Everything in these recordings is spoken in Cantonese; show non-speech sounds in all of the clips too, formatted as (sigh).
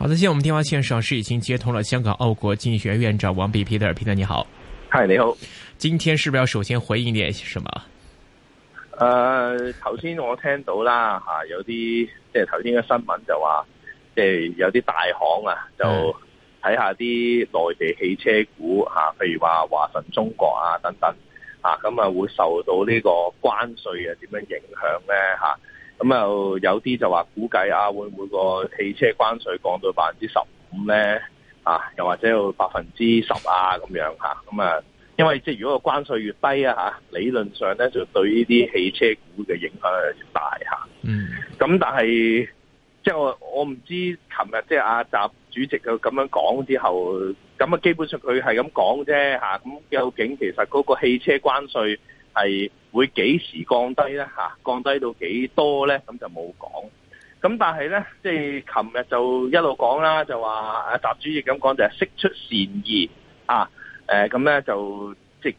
好的，現在我們電話線上是已經接通了香港奧國經濟學院院長王弼皮特，皮特你好，係你好，今天是不是要首先回應一點什麼？呃，頭先我聽到啦，吓有啲即係頭先嘅新聞就話，即係有啲大行啊，就睇下啲內地汽車股吓，譬、啊、如話華晨中國啊等等，啊咁啊會受到呢個關稅啊點樣影響咧吓。啊咁又有啲就話估計啊，會唔會個汽車關稅降到百分之十五咧？啊，又或者有百分之十啊咁樣嚇咁啊，因為即係如果個關稅越低啊嚇理論上咧就對呢啲汽車股嘅影響係越大嚇、啊。嗯。咁但係即係我我唔知琴日即係、啊、阿習主席佢咁樣講之後，咁啊基本上佢係咁講啫嚇咁究竟其實嗰個汽車關稅？係會幾時降低咧？降低到幾多咧？咁就冇講。咁但係咧，即係琴日就一路講啦，就話阿習主席咁講就係、是、釋出善意啊。誒咁咧就即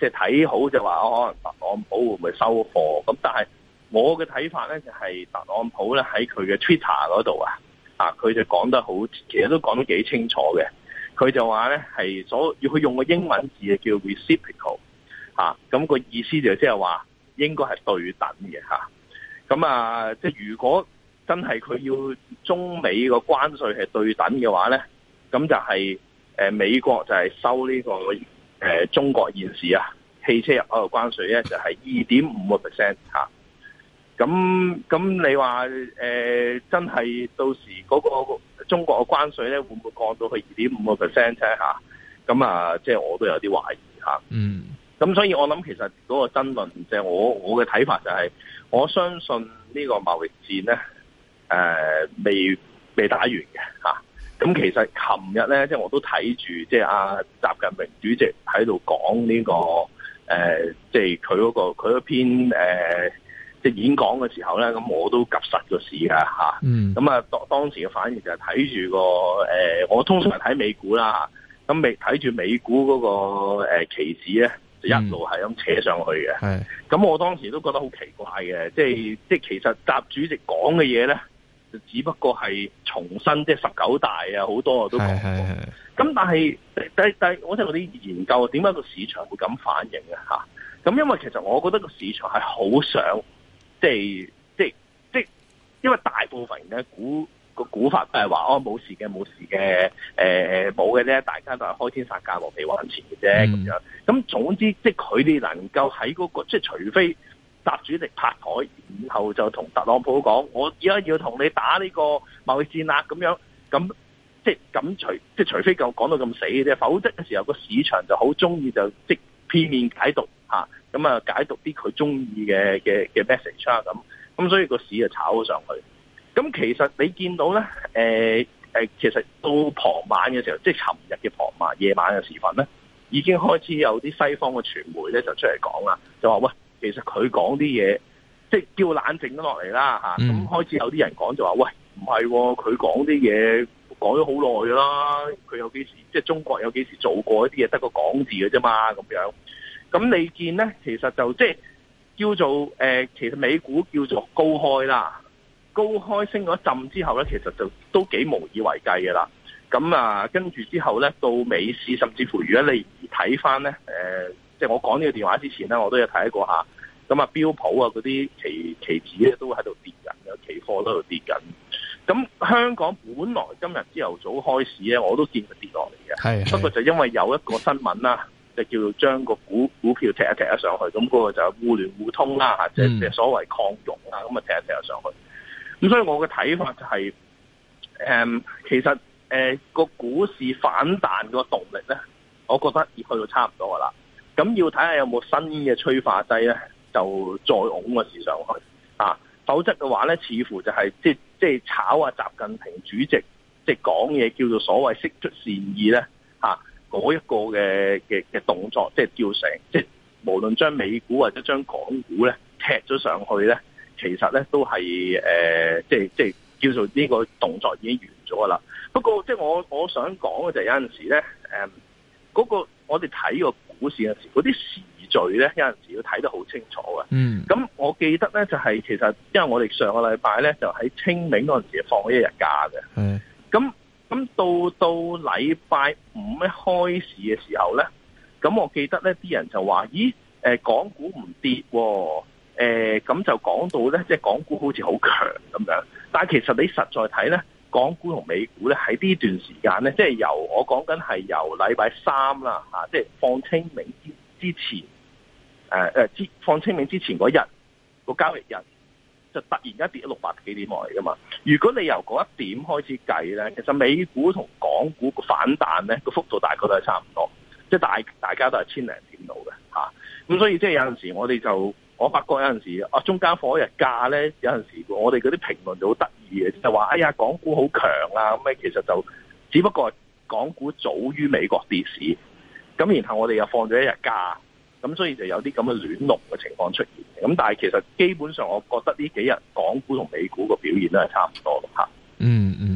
即睇好就話、啊、可能特朗普會唔會收貨？咁但係我嘅睇法咧就係、是、特朗普咧喺佢嘅 Twitter 嗰度啊啊，佢就講得好，其實都講得幾清楚嘅。佢就話咧係所要佢用個英文字叫 reciprocal。吓、啊，咁、那個意思就即係話應該係對等嘅吓，咁啊，即係如果真係佢要中美個關稅係對等嘅話咧，咁就係、是、誒、啊、美國就係收呢、這個誒、啊、中國現時啊汽車入口嘅關稅咧就係二點五個 percent 吓，咁、啊、咁你話誒、啊、真係到時嗰個中國嘅關稅咧會唔會降到去二點五個 percent 啫？吓、啊？咁啊，即係我都有啲懷疑吓、啊，嗯。咁所以我我，我諗其實嗰個爭論，即係我我嘅睇法就係，我相信呢個貿易戰咧，誒未未打完嘅吓。咁、啊、其實琴日咧，即、就、係、是、我都睇住，即係阿習近平主席喺度講呢個誒，即係佢嗰個佢一篇誒即係演講嘅時候咧，咁我都及實個事噶吓。咁啊當、啊、當時嘅反應就係睇住個誒、呃，我通常睇美股啦，咁未睇住美股嗰、那個誒期指咧。呃嗯、一路係咁扯上去嘅，咁我當時都覺得好奇怪嘅，即係即係其實習主席講嘅嘢咧，就只不過係重申，即係十九大啊，好多我都講過。咁但係但但，我聽我啲研究點解個市場會咁反應啊？嚇！咁因為其實我覺得個市場係好想，即係即係即係，因為大部分嘅股。個古法都係話：，我、哦、冇事嘅，冇事嘅，冇嘅啫。」大家都係開天殺價，和未還錢嘅啫咁樣。咁總之，即係佢哋能夠喺嗰個，即係除非習主席拍台，然後就同特朗普講：，我而家要同你打呢個貿易戰啊！咁樣，咁即係咁除，即係除非夠講到咁死嘅啫，否則嘅時候個市場就好中意就即係片面解讀吓，咁啊解讀啲佢中意嘅嘅嘅 message 啦、啊。咁，咁、嗯、所以個市就炒咗上去。咁其實你見到咧、呃，其實到傍晚嘅時候，即係尋日嘅傍晚、夜晚嘅時分咧，已經開始有啲西方嘅傳媒咧就出嚟講啦，就話喂，其實佢講啲嘢，即係叫冷靜咗落嚟啦吓，咁開始有啲人講就話喂，唔係喎，佢講啲嘢講咗好耐啦，佢有幾時即係中國有幾時做過一啲嘢得個講字嘅啫嘛，咁樣。咁你見咧，其實就即係叫做、呃、其實美股叫做高開啦。高開升嗰一陣之後咧，其實就都幾無以為繼嘅啦。咁啊，跟住之後咧，到美市，甚至乎如果你睇翻咧，即係我講呢個電話之前咧，我都有睇過下咁啊，啊，標普啊，嗰啲期期指咧都喺度跌緊㗎。期貨都喺度跌緊。咁、啊、香港本來今日朝頭早開始咧，我都見佢跌落嚟嘅。係係不過就因為有一個新聞啦，就叫做將個股股票踢一踢咗上去，咁、那、嗰個就係互聯互通啦，嚇，即係所謂擴容啊，咁啊，踢一踢咗上去。咁所以我嘅睇法就係、是，誒、嗯，其實誒個、嗯、股市反彈個動力咧，我覺得已去到差唔多噶啦。咁要睇下有冇新嘅催化劑咧，就再拱個市上去啊。否則嘅話咧，似乎就係、是、即即炒啊，習近平主席即講嘢叫做所謂釋出善意咧，吓、啊、嗰一個嘅嘅嘅動作，即叫成即無論將美股或者將港股咧踢咗上去咧。其實咧都係誒、呃，即係即係叫做呢個動作已經完咗噶啦。不過即係我我想講嘅就係、是、有陣時咧，誒嗰個我哋睇個股市嘅時，嗰啲時序咧有陣時要睇得好清楚嘅。嗯。咁、那個我，嗯、我記得咧就係、是、其實，因為我哋上個禮拜咧就喺清明嗰陣時放咗一日假嘅。係。咁咁到到禮拜五一開市嘅時候咧，咁我記得咧啲人就話，咦，誒，港股唔跌，啊。誒、呃，咁就講到咧，即係港股好似好強咁樣，但係其實你實在睇咧，港股同美股咧喺呢段時間咧，即係由我講緊係由禮拜三啦，吓、啊，即係放清明之之前，誒誒，之放清明之前嗰日個交易日，就突然間跌咗六百幾點落嚟噶嘛。如果你由嗰一點開始計咧，其實美股同港股個反彈咧個幅度，大概都係差唔多，即係大大，大家都係千零點度嘅吓。咁所以即係有陣時我哋就。我發覺有陣時啊，中間放一日假咧，有陣時我哋嗰啲評論就好得意嘅，就話哎呀，港股好強啊！咁啊，其實就只不過係港股早於美國跌市，咁然後我哋又放咗一日假，咁所以就有啲咁嘅亂龍嘅情況出現。咁但係其實基本上，我覺得呢幾日港股同美股個表現都係差唔多嘅吓。嗯嗯。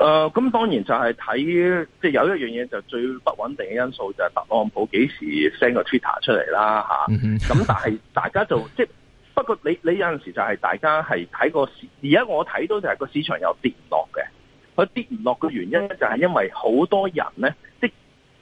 誒、呃，咁當然就係睇，即係有一樣嘢就最不穩定嘅因素就係特朗普幾時 send 個 Twitter 出嚟啦吓。咁、啊、 (laughs) 但係大家就即係，不過你你有陣時就係大家係睇個市。而家我睇到就係個市場又跌唔落嘅，佢跌唔落嘅原因就係因為好多人咧，即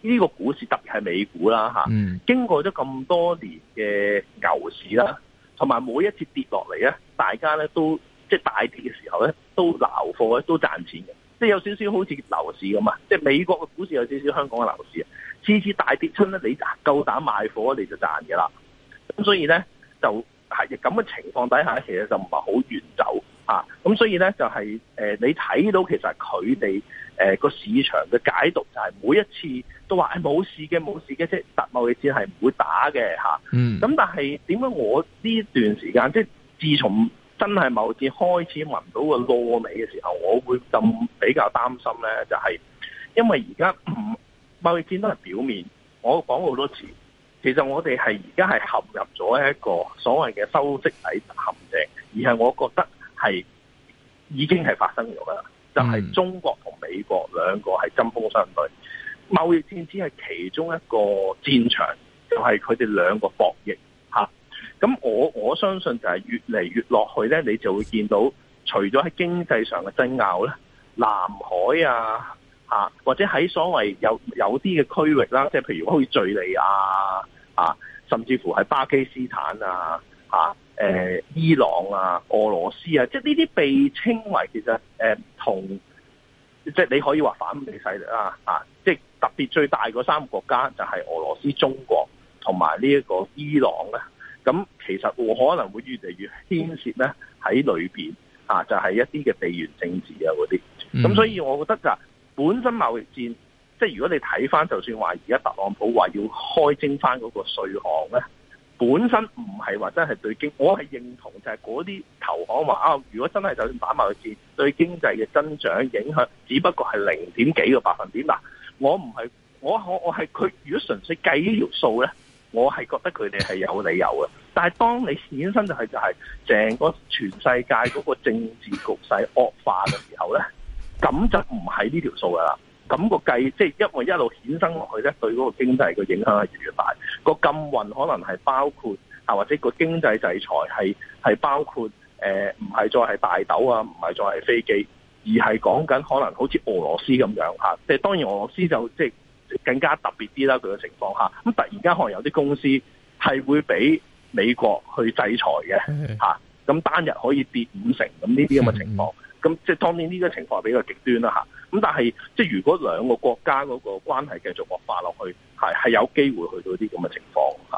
呢個股市特別係美股啦吓、啊。經過咗咁多年嘅牛市啦，同埋每一次跌落嚟咧，大家咧都即係大跌嘅時候咧，都撈貨咧都賺錢嘅。即係有少少好似樓市咁啊！即係美國嘅股市有少少香港嘅樓市啊！次次大跌春咧，你夠膽買貨，你就賺嘅啦。咁所以咧，就係咁嘅情況底下，其實就唔係好遠走咁、啊、所以咧，就係、是呃、你睇到其實佢哋個市場嘅解讀就係每一次都話係冇事嘅，冇事嘅，即係貿易戰係唔會打嘅、啊、嗯。咁但係點解我呢段時間即係自從？真係貿易戰開始聞到個蘿味嘅時候，我會咁比較擔心呢。就係因為而家貿易戰都係表面，我講好多次，其實我哋係而家係陷入咗一個所謂嘅修昔底德陷阱，而係我覺得係已經係發生咗啦，就係、是、中國同美國兩個係針鋒相對，貿易戰只係其中一個戰場，就係佢哋兩個博弈。咁我我相信就係越嚟越落去咧，你就會見到除咗喺經濟上嘅爭拗咧，南海啊，啊或者喺所謂有有啲嘅區域啦、啊，即係譬如好似敘利亞啊，甚至乎係巴基斯坦啊誒、啊啊、伊朗啊、俄羅斯啊，即係呢啲被稱為其實誒、啊、同即係你可以話反美勢力啊啊，即係特別最大嗰三個國家就係俄羅斯、中國同埋呢一個伊朗咧、啊。咁其實我可能會越嚟越牽涉咧喺裏面，啊就係一啲嘅地緣政治啊嗰啲。咁所以我覺得就本身貿易戰，即係如果你睇翻，就算話而家特朗普話要開徵翻嗰個稅項咧，本身唔係話真係對經，我係認同就係嗰啲投行話啊，如果真係就算打貿易戰，對經濟嘅增長影響，只不過係零點幾個百分點。嗱，我唔係我我我係佢，如果純粹計呢條數咧。我係覺得佢哋係有理由嘅，但係當你延伸就係就係成個全世界嗰個政治局勢惡化嘅時候咧，咁就唔係呢條數噶啦。咁個計即係、就是、因為一路延伸落去咧，對嗰個經濟嘅影響係越嚟越大。個禁運可能係包括啊，或者個經濟制裁係係包括誒，唔、呃、係再係大豆啊，唔係再係飛機，而係講緊可能好似俄羅斯咁樣嚇。即、就、係、是、當然俄羅斯就即係。就是更加特別啲啦，佢嘅情況下，咁突然間可能有啲公司係會俾美國去制裁嘅，嚇，咁單日可以跌五成，咁呢啲咁嘅情況，咁即係當然呢個情況係比較極端啦，嚇，咁但係即係如果兩個國家嗰個關係繼續惡化落去，係係有機會去到啲咁嘅情況。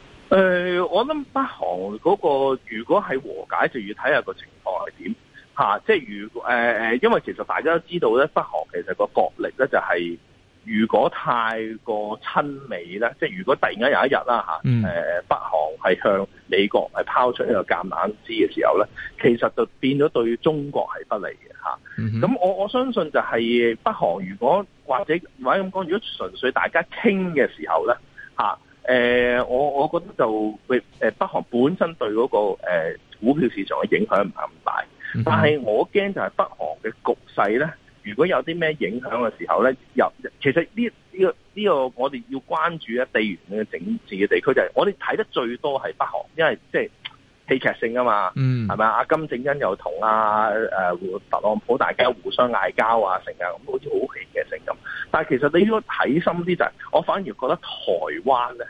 誒、呃，我諗北韓嗰、那個，如果係和解，就要睇下個情況係點、啊、即係如果，誒、呃、因為其實大家都知道咧，北韓其實個角力咧就係、是，如果太過親美咧，即係如果突然間有一日啦、啊嗯、北韓係向美國係拋出一個橄欖枝嘅時候咧，其實就變咗對中國係不利嘅咁、啊嗯、我我相信就係北韓，如果或者或者咁講，如果純粹大家傾嘅時候咧、啊誒、呃，我我覺得就誒，北韓本身對嗰、那個誒、呃、股票市場嘅影響唔係咁大，但係我驚就係北韓嘅局勢咧，如果有啲咩影響嘅時候咧，入其實呢呢、這個呢、這個我哋要關注一地緣嘅政治嘅地區就係我哋睇得最多係北韓，因為即係。戲劇性啊嘛，係咪啊？金正恩又同阿誒特朗普大家互相嗌交啊，成日咁，好似好戲劇性咁。但係其實你要睇深啲就係、是，我反而覺得台灣咧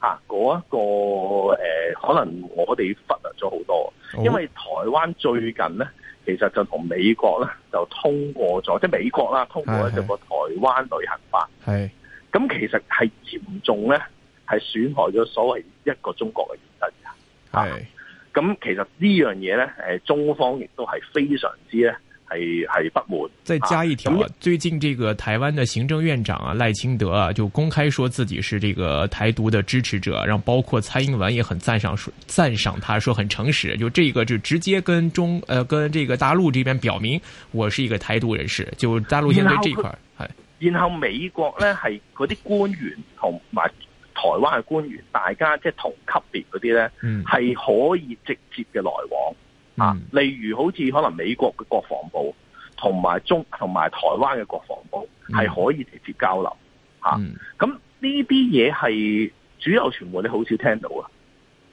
嚇嗰一個誒、呃，可能我哋忽略咗好多、哦。因為台灣最近咧，其實就同美國咧就通過咗，即係美國啦通過咗個台灣，是是台灣旅行法。係咁，那其實係嚴重咧，係損害咗所謂一個中國嘅原則。係、啊。咁其實呢樣嘢呢，誒中方亦都係非常之呢，係係不滿。再加一條、啊，最近這個台灣的行政院長啊，賴清德啊，就公開說自己是這個台獨的支持者，然後包括蔡英文也很讚賞，讚賞他，說很誠實。就這個就直接跟中，誒、呃、跟這個大陸這邊表明，我是一個台獨人士。就大陸現在這塊，係。然後美國呢係嗰啲官員同埋。 (laughs) 台灣嘅官員，大家即係同級別嗰啲咧，係、嗯、可以直接嘅來往啊。例如好似可能美國嘅國防部同埋中同埋台灣嘅國防部，係、嗯、可以直接交流嚇。咁呢啲嘢係主流傳媒你好少聽到啊。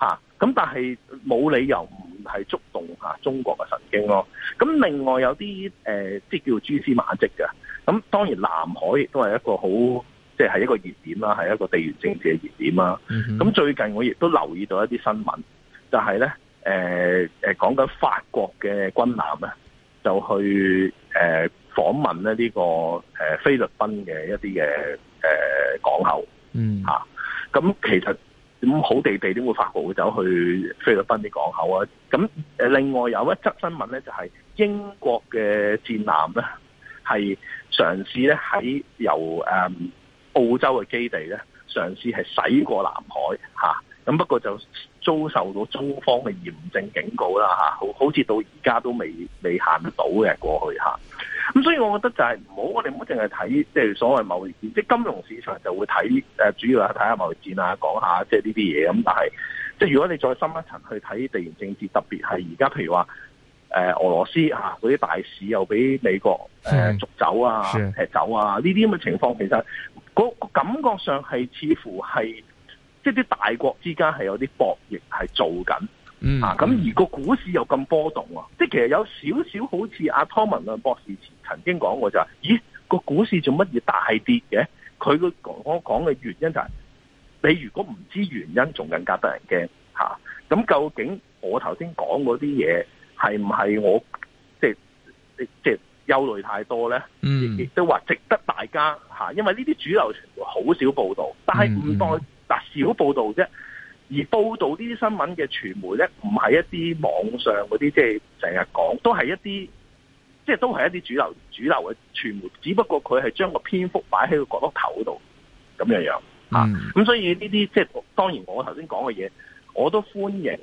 嚇！咁但係冇理由唔係觸動嚇中國嘅神經咯。咁、啊、另外有啲誒、呃，即係叫蛛絲馬跡嘅。咁當然南海亦都係一個好。即係一個熱點啦，係一個地緣政治嘅熱點啦。咁、mm -hmm. 最近我亦都留意到一啲新聞，就係、是、咧，誒、呃、誒，講緊法國嘅軍艦啊，就去誒訪、呃、問咧、這、呢個誒、呃、菲律賓嘅一啲嘅誒港口。嗯、mm -hmm. 啊，吓，咁其實咁好地地點會法國走去菲律賓啲港口啊？咁誒，另外有一則新聞咧，就係、是、英國嘅戰艦咧，係嘗試咧喺由誒。嗯澳洲嘅基地咧，嘗試係駛過南海吓，咁、啊、不過就遭受到中方嘅嚴正警告啦吓、啊，好好似到而家都未未行得到嘅過去吓。咁、啊、所以我覺得就係唔好，我哋唔好淨係睇即係所謂貿易戰，即係金融市場就會睇誒，主要係睇下貿易戰啊，講下即係呢啲嘢咁。但係即係如果你再深一層去睇地緣政治，特別係而家譬如話誒、呃、俄羅斯吓，嗰、啊、啲大使又俾美國誒、呃、逐走啊，踢走啊，呢啲咁嘅情況其實。那個感覺上係似乎係即係啲大國之間係有啲博弈係做緊，啊、嗯、咁、嗯、而個股市又咁波動，即係其實有少少好似阿湯文亮博士前曾經講過就話、是，咦個股市做乜嘢大跌嘅？佢個我講嘅原因就係、是、你如果唔知原因，仲更加得人驚吓。咁、啊、究竟我頭先講嗰啲嘢係唔係我即。借？憂慮太多咧，亦都話值得大家吓，因為呢啲主流傳媒好少報道，但係唔多，嗱少報道啫。而報道呢啲新聞嘅傳媒咧，唔係一啲網上嗰啲，即係成日講，都係一啲，即係都係一啲主流主流嘅傳媒，只不過佢係將個篇幅擺喺個角落頭度咁樣樣、嗯、啊。咁所以呢啲即係當然我頭先講嘅嘢，我都歡迎誒、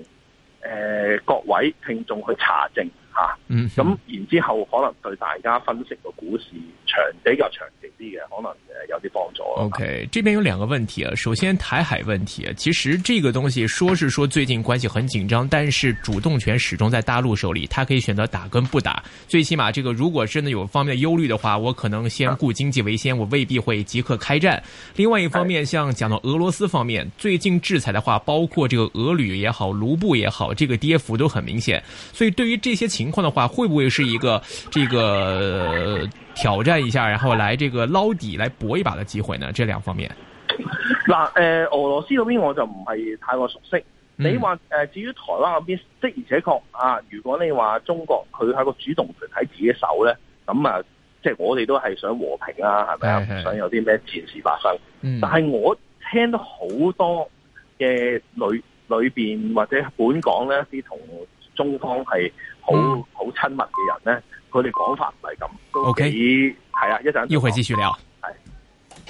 呃、各位聽眾去查證。吓，嗯，咁然之後可能對大家分析個股市長比較長期啲嘅，可能誒有啲幫助。OK，這邊有兩個問題啊，首先台海問題，其實這個東西說是說最近關係很緊張，但是主動權始終在大陸手裏，他可以選擇打跟不打，最起碼這個如果真的有方面憂慮的話，我可能先顧經濟為先，我未必會即刻開戰。另外一方面，像講到俄羅斯方面，最近制裁的話，包括這個俄旅也好、盧布也好，這個跌幅都很明顯，所以對於這些情況。情況的話，會不會是一個這個挑戰一下，然後來這個撈底、來搏一把的機會呢？這兩方面嗱，誒，俄羅斯嗰邊我就唔係太過熟悉。嗯、你話誒，至於台灣嗰邊，的而且確啊，如果你話中國佢係個主動權喺自己的手咧，咁啊，即係我哋都係想和平啊，係咪啊？哎哎唔想有啲咩前事發生。嗯、但係我聽到好多嘅裏裏邊或者本港咧啲同中方係。好好親密嘅人咧，佢哋講法唔係咁，都 k、okay。係啊，一陣要會繼續聊。